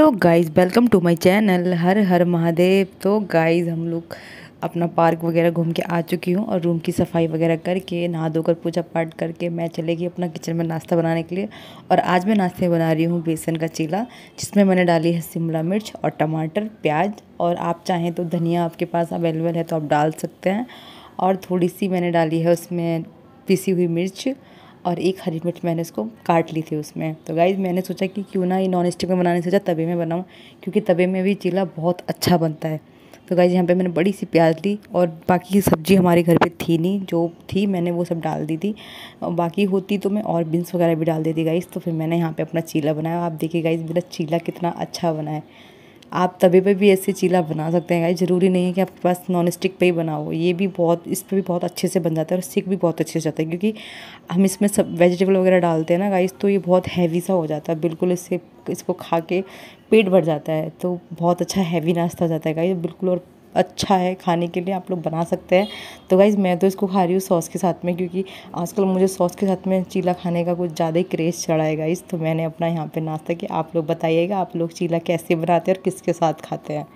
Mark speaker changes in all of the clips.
Speaker 1: hello guys welcome to my channel हर हर महादेव तो गाइस हम लोग अपना पार्क वगैरह घूम के आ चुकी हूँ और रूम की सफाई वगैरह करके नहा धोकर पूजा पाठ करके मैं चलेगी अपना किचन में नाश्ता बनाने के लिए और आज मैं नाश्ते में बना रही हूँ बेसन का चीला जिसमें मैंने डाली है शिमला मिर्च और टमाटर प्याज और आप चाहें तो धनिया आपके पास अवेलेबल है तो आप डाल सकते हैं और थोड़ी सी मैंने डाली है उसमें पिसी हुई मिर्च और एक हरी मिर्च मैंने इसको काट ली थी उसमें तो गाइज मैंने सोचा कि क्यों ना ये नॉन स्टिक में बनाने सोचा अच्छा तवे में बनाऊँ क्योंकि तवे में भी चीला बहुत अच्छा बनता है तो गाइज यहाँ पे मैंने बड़ी सी प्याज ली और बाकी की सब्ज़ी हमारे घर पे थी नहीं जो थी मैंने वो सब डाल दी थी और बाकी होती तो मैं और बीन्स वगैरह भी डाल देती गाइज तो फिर मैंने यहाँ पे अपना चीला बनाया आप देखिए गाइज मेरा चीला कितना अच्छा बना है आप तवे पर भी ऐसे चीला बना सकते हैं ज़रूरी नहीं है कि आपके पास नॉन स्टिक पे ही बनाओ ये भी बहुत इस पर भी बहुत अच्छे से बन जाता है और सिक भी बहुत अच्छे से जाता है क्योंकि हम इसमें सब वेजिटेबल वगैरह डालते हैं ना गाइस तो ये बहुत हैवी सा हो जाता है बिल्कुल इससे इसको खा के पेट भर जाता है तो बहुत अच्छा हैवी नाश्ता हो जाता है गाइस बिल्कुल और अच्छा है खाने के लिए आप लोग बना सकते हैं तो गाइज़ मैं तो इसको खा रही हूँ सॉस के साथ में क्योंकि आजकल मुझे सॉस के साथ में चीला खाने का कुछ ज़्यादा ही क्रेज़ चढ़ा है गाइज़ तो मैंने अपना यहाँ पे नाश्ता किया आप लोग बताइएगा आप लोग चीला कैसे बनाते हैं और किसके साथ खाते हैं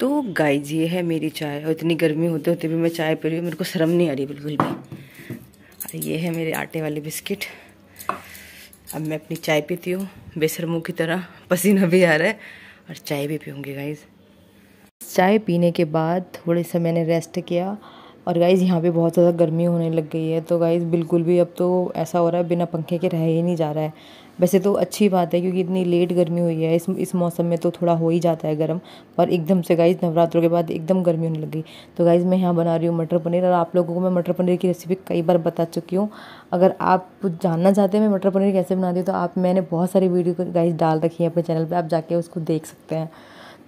Speaker 1: तो गाइज ये है मेरी चाय और इतनी गर्मी होते होते भी मैं चाय पी रही हूँ मेरे को शर्म नहीं आ रही बिल्कुल भी और ये है मेरे आटे वाले बिस्किट अब मैं अपनी चाय पीती हूँ बेसरमू की तरह पसीना भी आ रहा है और चाय भी पीऊँगी गाइज़ चाय पीने के बाद थोड़े से मैंने रेस्ट किया और गाइज़ यहाँ पे बहुत ज़्यादा गर्मी होने लग गई है तो गाइज़ बिल्कुल भी अब तो ऐसा हो रहा है बिना पंखे के रह ही नहीं जा रहा है वैसे तो अच्छी बात है क्योंकि इतनी लेट गर्मी हुई है इस इस मौसम में तो थोड़ा हो ही जाता है गर्म पर एकदम से गाइज़ नवरात्रों के बाद एकदम गर्मी होने लगी तो गाइज़ मैं यहाँ बना रही हूँ मटर पनीर और आप लोगों को मैं मटर पनीर की रेसिपी कई बार बता चुकी हूँ अगर आप जानना चाहते हैं मैं मटर पनीर कैसे बनाती हूँ तो आप मैंने बहुत सारी वीडियो गाइज़ डाल रखी है अपने चैनल पर आप जाके उसको देख सकते हैं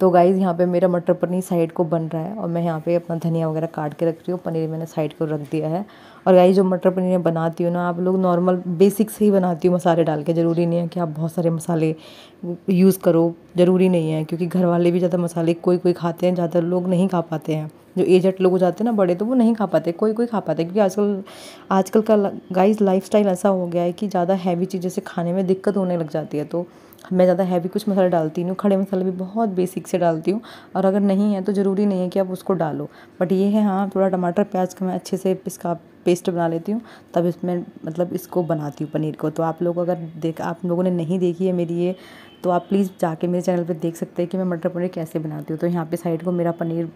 Speaker 1: तो गाइज़ यहाँ पे मेरा मटर पनीर साइड को बन रहा है और मैं यहाँ पे अपना धनिया वगैरह काट के रख रही हूँ पनीर मैंने साइड को रख दिया है और गाइज़ जो मटर पनीर मैं बनाती हूँ ना आप लोग नॉर्मल बेसिक से ही बनाती हूँ मसाले डाल के ज़रूरी नहीं है कि आप बहुत सारे मसाले यूज़ करो ज़रूरी नहीं है क्योंकि घर वाले भी ज़्यादा मसाले कोई कोई खाते हैं ज़्यादा लोग नहीं खा पाते हैं जो एजेड लोग हो जाते हैं ना बड़े तो वो नहीं खा पाते कोई कोई खा पाते क्योंकि आजकल आजकल का गाइस लाइफस्टाइल ऐसा हो गया है कि ज़्यादा हैवी चीज़ें से खाने में दिक्कत होने लग जाती है तो मैं ज़्यादा हैवी कुछ मसाला डालती नहीं हूँ खड़े मसाले भी बहुत बेसिक से डालती हूँ और अगर नहीं है तो ज़रूरी नहीं है कि आप उसको डालो बट ये है हाँ थोड़ा टमाटर प्याज का मैं अच्छे से इसका पेस्ट बना लेती हूँ तब इसमें मतलब इसको बनाती हूँ पनीर को तो आप लोग अगर देख आप लोगों ने नहीं देखी है मेरी ये तो आप प्लीज़ जाके मेरे चैनल पे देख सकते हैं कि मैं मटर पनीर कैसे बनाती हूँ तो यहाँ पे साइड को मेरा पनीर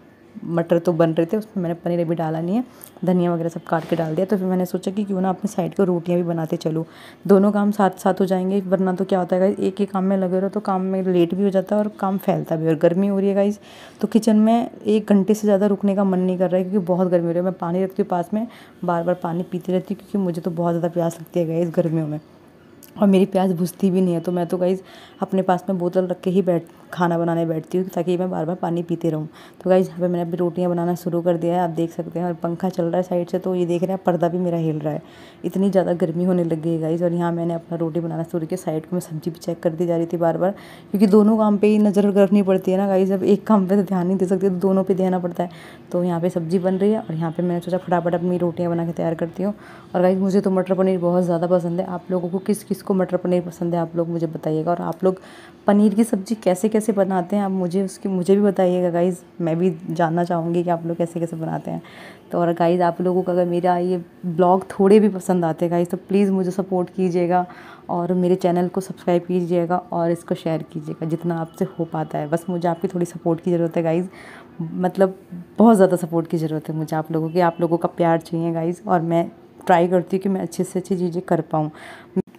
Speaker 1: मटर तो बन रहे थे उसमें मैंने पनीर अभी डाला नहीं है धनिया वगैरह सब काट के डाल दिया तो फिर मैंने सोचा कि क्यों ना अपने साइड को रोटियां भी बनाते चलो दोनों काम साथ साथ हो जाएंगे वरना तो क्या होता है एक ही काम में लगे रहो तो काम में लेट भी हो जाता है और काम फैलता भी और गर्मी हो रही है गाइज़ तो किचन में एक घंटे से ज़्यादा रुकने का मन नहीं कर रहा है क्योंकि बहुत गर्मी हो रही है मैं पानी रखती हूँ पास में बार बार पानी पीती रहती हूँ क्योंकि मुझे तो बहुत ज़्यादा प्यास लगती है गाइस गर्मियों में और मेरी प्यास बुझती भी नहीं है तो मैं तो गाइज़ अपने पास में बोतल रख के ही बैठ खाना बनाने बैठती हूँ ताकि मैं बार बार पानी पीते रहूँ तो गाइज़ यहाँ पे मैंने अभी रोटियाँ बनाना शुरू कर दिया है आप देख सकते हैं और पंखा चल रहा है साइड से तो ये देख रहे हैं पर्दा भी मेरा हिल रहा है इतनी ज़्यादा गर्मी होने लग गई है गाइज़ और यहाँ मैंने अपना रोटी बनाना शुरू किया साइड को मैं सब्ज़ी भी चेक करती जा रही थी बार बार क्योंकि दोनों काम पर ही नज़र रखनी पड़ती है ना गाइज़ अब एक काम पर तो ध्यान नहीं दे सकती तो दोनों पर देना पड़ता है तो यहाँ पर सब्ज़ी बन रही है और यहाँ पर मैंने सोचा फटाफट अपनी रोटियाँ बना के तैयार करती हूँ और गाइज़ मुझे तो मटर पनीर बहुत ज़्यादा पसंद है आप लोगों को किस किस को मटर पनीर पसंद है आप लोग मुझे बताइएगा और आप लोग पनीर की सब्ज़ी कैसे कैसे कैसे बनाते हैं आप मुझे उसकी मुझे भी बताइएगा गाइज़ मैं भी जानना चाहूँगी कि आप लोग कैसे कैसे बनाते हैं तो और गाइज़ आप लोगों को अगर मेरा ये ब्लॉग थोड़े भी पसंद आते हैं गाइज़ तो प्लीज़ मुझे सपोर्ट कीजिएगा और मेरे चैनल को सब्सक्राइब कीजिएगा और इसको शेयर कीजिएगा जितना आपसे हो पाता है बस मुझे आपकी थोड़ी सपोर्ट की ज़रूरत है गाइज़ मतलब बहुत ज़्यादा सपोर्ट की ज़रूरत है मुझे आप लोगों की आप लोगों का प्यार चाहिए गाइज़ और मैं ट्राई करती हूँ कि मैं अच्छे से अच्छी चीज़ें कर पाऊँ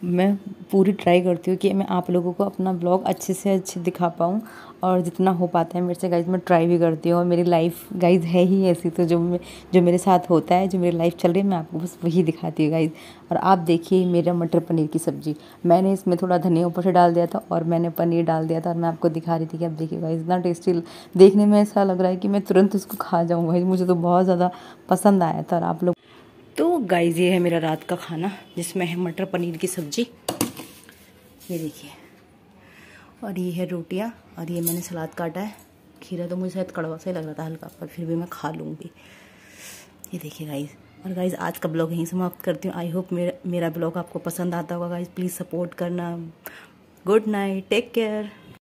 Speaker 1: मैं पूरी ट्राई करती हूँ कि मैं आप लोगों को अपना ब्लॉग अच्छे से अच्छे दिखा पाऊँ और जितना हो पाता है मेरे से गाइज मैं ट्राई भी करती हूँ और मेरी लाइफ गाइज है ही ऐसी तो जो जो मेरे साथ होता है जो मेरी लाइफ चल रही है मैं आपको बस वही दिखाती हूँ गाइज और आप देखिए मेरा मटर पनीर की सब्ज़ी मैंने इसमें थोड़ा धनिया ऊपर से डाल दिया था और मैंने पनीर डाल दिया था और मैं आपको दिखा रही थी कि आप देखिए गाइज इतना टेस्टी देखने में ऐसा लग रहा है कि मैं तुरंत उसको खा जाऊँ गाइज मुझे तो बहुत ज़्यादा पसंद आया था और आप लोग तो गाइज ये है मेरा रात का खाना जिसमें है मटर पनीर की सब्जी ये देखिए और ये है रोटियाँ और ये मैंने सलाद काटा है खीरा तो मुझे शायद कड़वा सा ही लग रहा था हल्का पर फिर भी मैं खा लूँगी ये देखिए गाइज़ और गाइज़ आज का ब्लॉग यहीं समाप्त करती हूँ आई होप मेरा मेरा ब्लॉग आपको पसंद आता होगा गाइज़ प्लीज़ सपोर्ट करना गुड नाइट टेक केयर